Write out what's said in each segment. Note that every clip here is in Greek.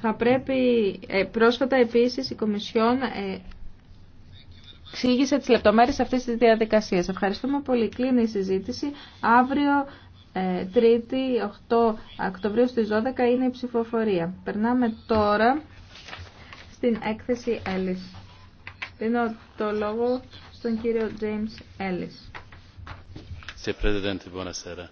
Θα πρέπει, ε, πρόσφατα επίσης η Κομισιόν ε, εξήγησε τις λεπτομέρειες αυτής της διαδικασίας. Ευχαριστούμε πολύ. Κλείνει η συζήτηση. Αύριο, ε, Τρίτη, 8 Οκτωβρίου στις 12 είναι η ψηφοφορία. Περνάμε τώρα στην έκθεση Έλλης. Δίνω το λόγο στον κύριο James Έλλης. Σε President, buonasera.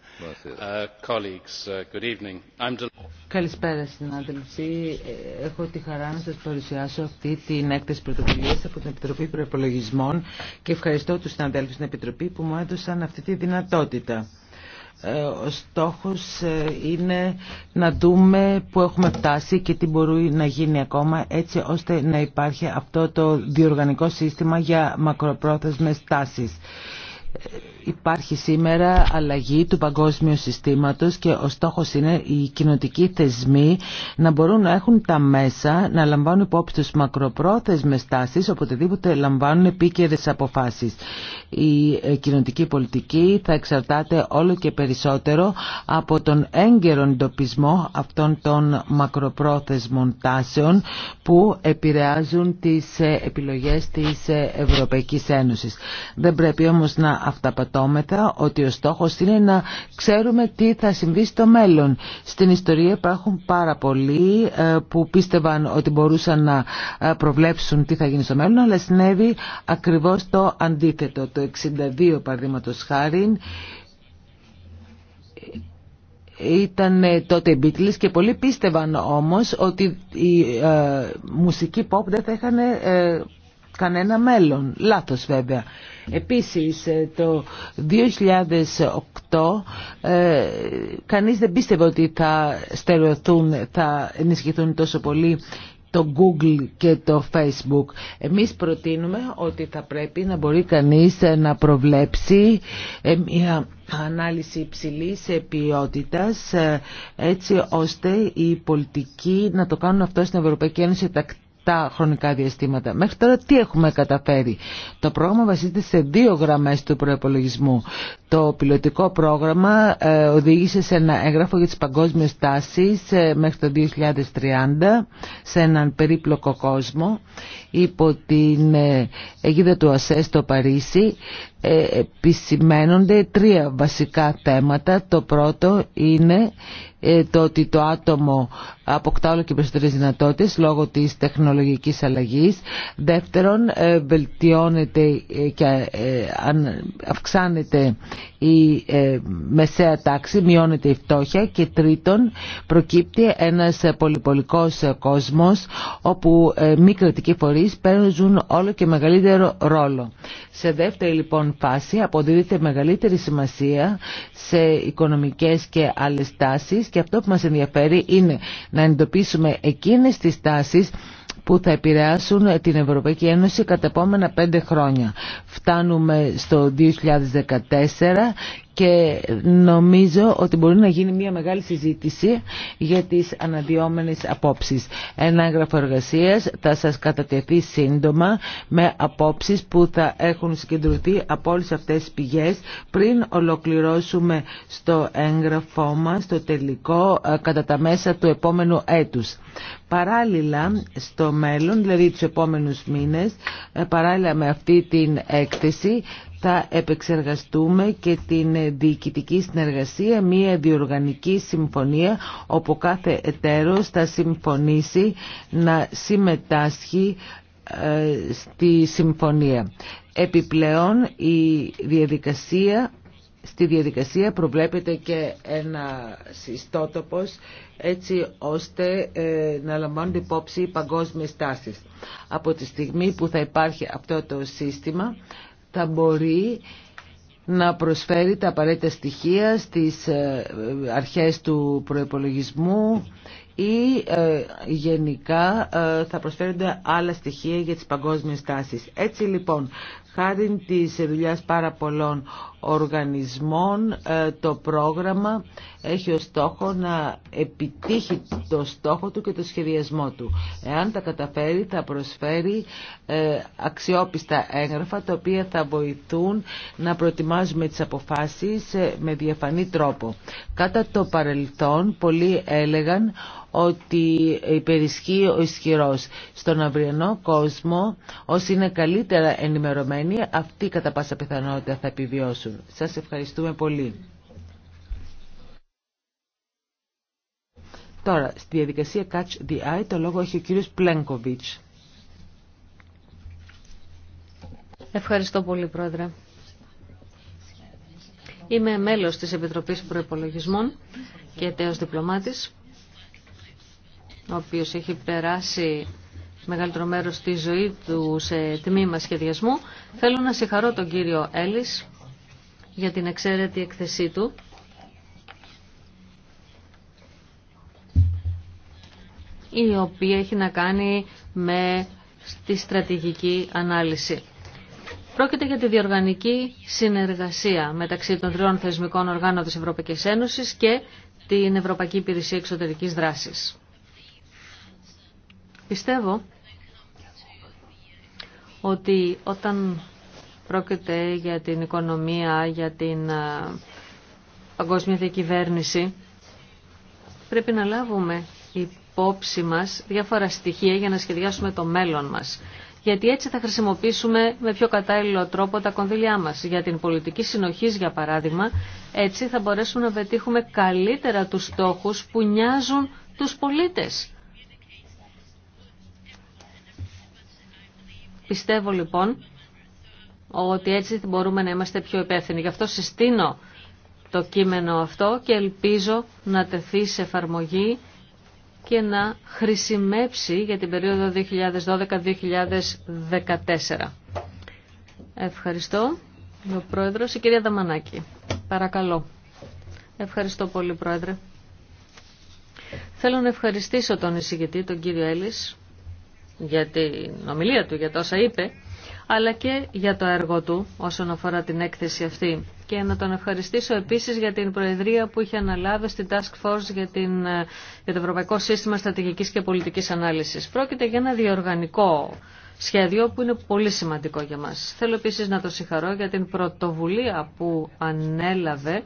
colleagues, uh, good Καλησπέρα συνάδελφοι. Έχω τη χαρά να σας παρουσιάσω αυτή την έκθεση πρωτοβουλία από την Επιτροπή Προπολογισμών και ευχαριστώ τους συναδέλφου στην Επιτροπή που μου έδωσαν αυτή τη δυνατότητα. Ε, ο στόχος ε, είναι να δούμε που έχουμε φτάσει και τι μπορεί να γίνει ακόμα έτσι ώστε να υπάρχει αυτό το διοργανικό σύστημα για μακροπρόθεσμε τάσει. Υπάρχει σήμερα αλλαγή του παγκόσμιου συστήματος και ο στόχος είναι οι κοινοτικοί θεσμοί να μπορούν να έχουν τα μέσα να λαμβάνουν υπόψη τους μακροπρόθεσμες τάσεις οποτεδήποτε λαμβάνουν επίκαιρες αποφάσεις. Η ε, κοινοτική πολιτική θα εξαρτάται όλο και περισσότερο από τον έγκαιρο εντοπισμό αυτών των μακροπρόθεσμων τάσεων που επηρεάζουν τις ε, επιλογές της ε, Ευρωπαϊκής Ένωσης. Δεν πρέπει όμως να αυταπατώ ότι ο στόχος είναι να ξέρουμε τι θα συμβεί στο μέλλον. Στην ιστορία υπάρχουν πάρα πολλοί ε, που πίστευαν ότι μπορούσαν να ε, προβλέψουν τι θα γίνει στο μέλλον, αλλά συνέβη ακριβώς το αντίθετο. Το 62 παραδείγματος χάρη ήταν ε, τότε οι Beatles και πολλοί πίστευαν όμως ότι η μουσική pop δεν θα είχαν κανένα μέλλον. Λάθος βέβαια. Επίσης ε, το 2008 ε, κανείς δεν πίστευε ότι θα στερεωθούν, θα ενισχυθούν τόσο πολύ το Google και το Facebook. Εμείς προτείνουμε ότι θα πρέπει να μπορεί κανείς ε, να προβλέψει ε, μια ανάλυση υψηλής ποιότητας έτσι ώστε οι πολιτικοί να το κάνουν αυτό στην Ευρωπαϊκή Ένωση τα χρονικά διαστήματα. Μέχρι τώρα τι έχουμε καταφέρει. Το πρόγραμμα βασίζεται σε δύο γραμμές του προεπολογισμού. Το πιλωτικό πρόγραμμα ε, οδήγησε σε ένα έγγραφο για τις παγκόσμιες τάσεις ε, μέχρι το 2030 σε έναν περίπλοκο κόσμο υπό την ε, αιγίδα του ΑΣΕ στο Παρίσι επισημένονται τρία βασικά θέματα. Το πρώτο είναι ε, το ότι το άτομο αποκτά όλο και περισσότερες δυνατότητες λόγω της τεχνολογικής αλλαγής. Δεύτερον, ε, βελτιώνεται ε, και αυξάνεται η ε, μεσαία τάξη, μειώνεται η φτώχεια και τρίτον προκύπτει ένας πολυπολικός κόσμος όπου ε, μη κρατικοί φορείς παίρνουν όλο και μεγαλύτερο ρόλο. Σε δεύτερη λοιπόν φάση αποδίδεται μεγαλύτερη σημασία σε οικονομικές και άλλες τάσεις και αυτό που μας ενδιαφέρει είναι να εντοπίσουμε εκείνες τις τάσεις που θα επηρεάσουν την Ευρωπαϊκή Ένωση κατά επόμενα πέντε χρόνια. Φτάνουμε στο 2014 και νομίζω ότι μπορεί να γίνει μια μεγάλη συζήτηση για τις αναδιόμενες απόψεις. Ένα έγγραφο εργασία θα σας κατατεθεί σύντομα με απόψεις που θα έχουν συγκεντρωθεί από όλες αυτές τις πηγές πριν ολοκληρώσουμε στο έγγραφό μας το τελικό ε, κατά τα μέσα του επόμενου έτους. Παράλληλα στο μέλλον, δηλαδή τους επόμενους μήνες, ε, παράλληλα με αυτή την έκθεση θα επεξεργαστούμε και την διοικητική συνεργασία, μια διοργανική συμφωνία όπου κάθε εταίρος θα συμφωνήσει να συμμετάσχει ε, στη συμφωνία. Επιπλέον η διαδικασία στη διαδικασία προβλέπεται και ένα συστότοπος, έτσι ώστε ε, να λαμβάνονται υπόψη οι παγκόσμιες τάσεις. Από τη στιγμή που θα υπάρχει αυτό το σύστημα θα μπορεί να προσφέρει τα απαραίτητα στοιχεία στις ε, ε, αρχές του προϋπολογισμού ή ε, γενικά ε, θα προσφέρονται άλλα στοιχεία για τις παγκόσμιες τάσεις. Έτσι λοιπόν, χάρη της δουλειάς πάρα πολλών οργανισμών, ε, το πρόγραμμα έχει ως στόχο να επιτύχει το στόχο του και το σχεδιασμό του. Εάν τα καταφέρει, θα προσφέρει αξιόπιστα έγγραφα, τα οποία θα βοηθούν να προετοιμάζουμε τις αποφάσεις με διαφανή τρόπο. Κατά το παρελθόν, πολλοί έλεγαν ότι υπερισχύει ο ισχυρός. Στον αυριανό κόσμο, όσοι είναι καλύτερα ενημερωμένοι, αυτοί κατά πάσα πιθανότητα θα επιβιώσουν. Σας ευχαριστούμε πολύ. Τώρα, στη διαδικασία Catch the Eye, το λόγο έχει ο κύριος Πλένκοβιτς. Ευχαριστώ πολύ, Πρόεδρε. Είμαι μέλος της Επιτροπής Προϋπολογισμών και τέος διπλωμάτης ο οποίος έχει περάσει μεγαλύτερο μέρος της ζωής του σε τμήμα σχεδιασμού. Θέλω να συγχαρώ τον κύριο Έλλης για την εξαίρετη εκθεσή του. η οποία έχει να κάνει με τη στρατηγική ανάλυση. Πρόκειται για τη διοργανική συνεργασία μεταξύ των τριών θεσμικών οργάνων της Ευρωπαϊκής Ένωσης και την Ευρωπαϊκή Υπηρεσία Εξωτερικής Δράσης. Πιστεύω ότι όταν πρόκειται για την οικονομία, για την ε, παγκόσμια διακυβέρνηση, πρέπει να λάβουμε υπόψη μας διάφορα στοιχεία για να σχεδιάσουμε το μέλλον μας. Γιατί έτσι θα χρησιμοποιήσουμε με πιο κατάλληλο τρόπο τα κονδυλιά μας. Για την πολιτική συνοχής, για παράδειγμα, έτσι θα μπορέσουμε να πετύχουμε καλύτερα τους στόχους που νοιάζουν τους πολίτες. Πιστεύω λοιπόν ότι έτσι μπορούμε να είμαστε πιο υπεύθυνοι. Γι' αυτό συστήνω το κείμενο αυτό και ελπίζω να τεθεί σε εφαρμογή και να χρησιμεύσει για την περίοδο 2012-2014. Ευχαριστώ. Ο Πρόεδρος, η κυρία Δαμανάκη. Παρακαλώ. Ευχαριστώ πολύ, Πρόεδρε. Θέλω να ευχαριστήσω τον εισηγητή, τον κύριο Έλλης, για την ομιλία του, για τόσα είπε, αλλά και για το έργο του όσον αφορά την έκθεση αυτή. Και να τον ευχαριστήσω επίσης για την Προεδρία που είχε αναλάβει στην Task Force για, την, το Ευρωπαϊκό Σύστημα Στρατηγικής και Πολιτικής Ανάλυσης. Πρόκειται για ένα διοργανικό σχέδιο που είναι πολύ σημαντικό για μας. Θέλω επίσης να το συγχαρώ για την πρωτοβουλία που ανέλαβε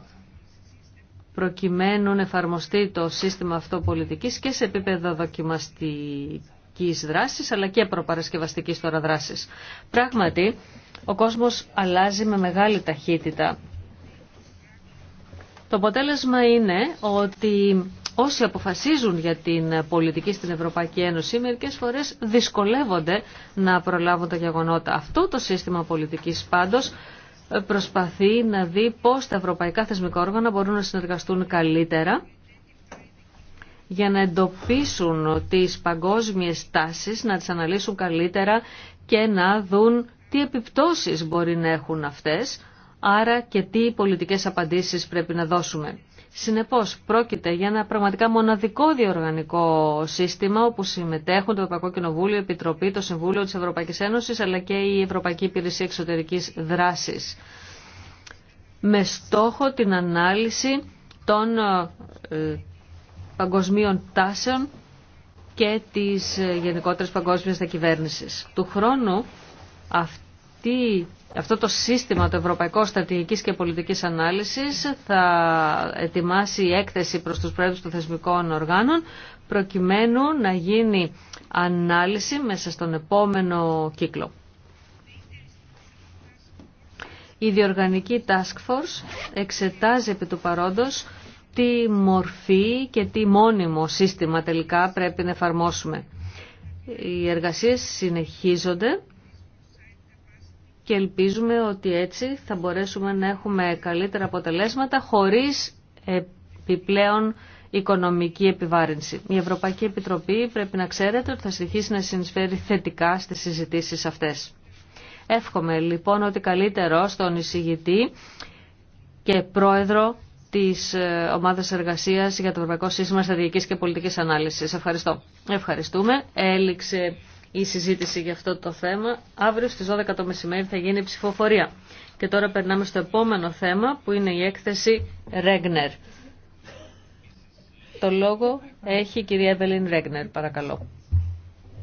προκειμένου να εφαρμοστεί το σύστημα αυτό πολιτικής και σε επίπεδο δοκιμαστική δράσης αλλά και προπαρασκευαστικής τώρα Πράγματι, ο κόσμος αλλάζει με μεγάλη ταχύτητα. Το αποτέλεσμα είναι ότι όσοι αποφασίζουν για την πολιτική στην Ευρωπαϊκή Ένωση μερικές φορές δυσκολεύονται να προλάβουν τα γεγονότα. Αυτό το σύστημα πολιτικής πάντως προσπαθεί να δει πώς τα ευρωπαϊκά θεσμικά όργανα μπορούν να συνεργαστούν καλύτερα για να εντοπίσουν τις παγκόσμιες τάσεις, να τις αναλύσουν καλύτερα και να δουν τι επιπτώσεις μπορεί να έχουν αυτές, άρα και τι πολιτικές απαντήσεις πρέπει να δώσουμε. Συνεπώς, πρόκειται για ένα πραγματικά μοναδικό διοργανικό σύστημα όπου συμμετέχουν το Ευρωπαϊκό Κοινοβούλιο, η Επιτροπή, το Συμβούλιο της Ευρωπαϊκής Ένωσης αλλά και η Ευρωπαϊκή Υπηρεσία Εξωτερικής Δράσης με στόχο την ανάλυση των ε, παγκοσμίων τάσεων και της ε, γενικότερης παγκόσμιας διακυβέρνησης. Του χρόνου αυτή, αυτό το σύστημα το Ευρωπαϊκό Στρατηγικής και Πολιτικής Ανάλυσης θα ετοιμάσει έκθεση προς τους πρόεδρους των θεσμικών οργάνων προκειμένου να γίνει ανάλυση μέσα στον επόμενο κύκλο. Η διοργανική Task Force εξετάζει επί του παρόντος τι μορφή και τι μόνιμο σύστημα τελικά πρέπει να εφαρμόσουμε. Οι εργασίες συνεχίζονται και ελπίζουμε ότι έτσι θα μπορέσουμε να έχουμε καλύτερα αποτελέσματα χωρίς επιπλέον οικονομική επιβάρυνση. Η Ευρωπαϊκή Επιτροπή πρέπει να ξέρετε ότι θα συνεχίσει να συνεισφέρει θετικά στις συζητήσεις αυτές. Εύχομαι λοιπόν ότι καλύτερο στον εισηγητή και πρόεδρο της ε, Ομάδας Εργασίας για το Ευρωπαϊκό Σύστημα Στρατηγικής και Πολιτικής Ανάλυσης. Ευχαριστώ. Ευχαριστούμε. Έληξε η συζήτηση για αυτό το θέμα. Αύριο στις 12 το μεσημέρι θα γίνει η ψηφοφορία. Και τώρα περνάμε στο επόμενο θέμα που είναι η έκθεση Ρέγνερ. Το λόγο έχει η κυρία Εβελίν Ρέγνερ, παρακαλώ.